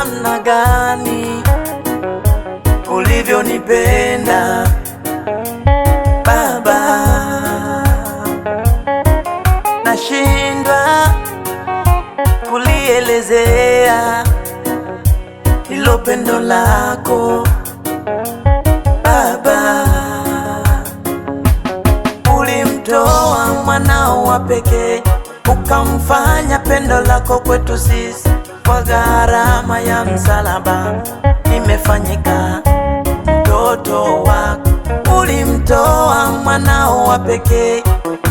namna gani ulivyonipenda Baba, nashindwa kulielezea hilo pendo lako Baba, ulimtoa mwanao wa pekee ukamfanya pendo lako kwetu sisi kwa gharama ya msalaba, nimefanyika mtoto wako. Ulimtoa mwanao wa pekee,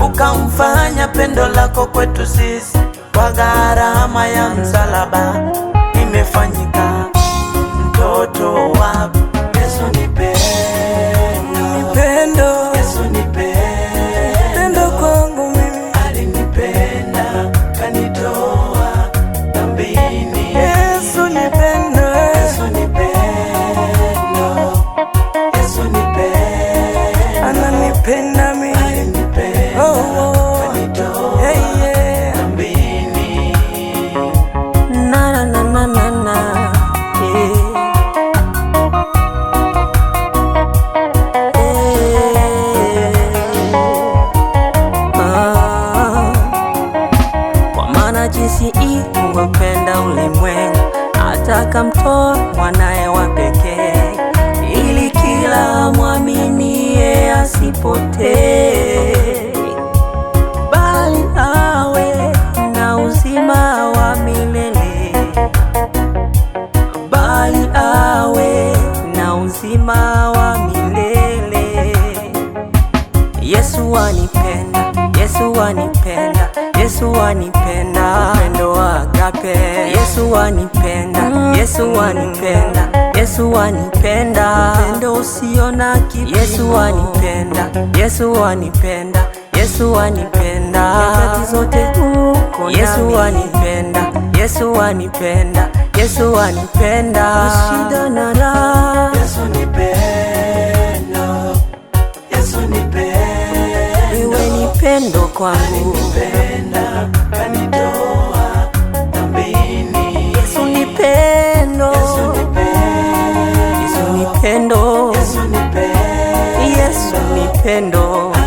ukamfanya pendo lako kwetu sisi, kwa gharama ya msalaba Kristo mwanaye wa pekee, ili kila mwaminie asipotee, bali awe na uzima wa milele, bali awe na uzima wa milele. Yesu wanipenda, Yesu wanipenda Yesu wanipenda, wa agape. Yesu wanipenda, Yesu wanipenda, Yesu wanipenda, pendo usio na kipimo. Yesu wanipenda, Yesu wanipenda, Yesu wanipenda, nyakati zote uko nami. Yesu wanipenda, Yesu wanipenda, Yesu wanipenda, shida na raha. Yesu nipenda, Yesu nipenda, iwe ni pendo kwangu Yesu ni pendo, Yesu ni pendo.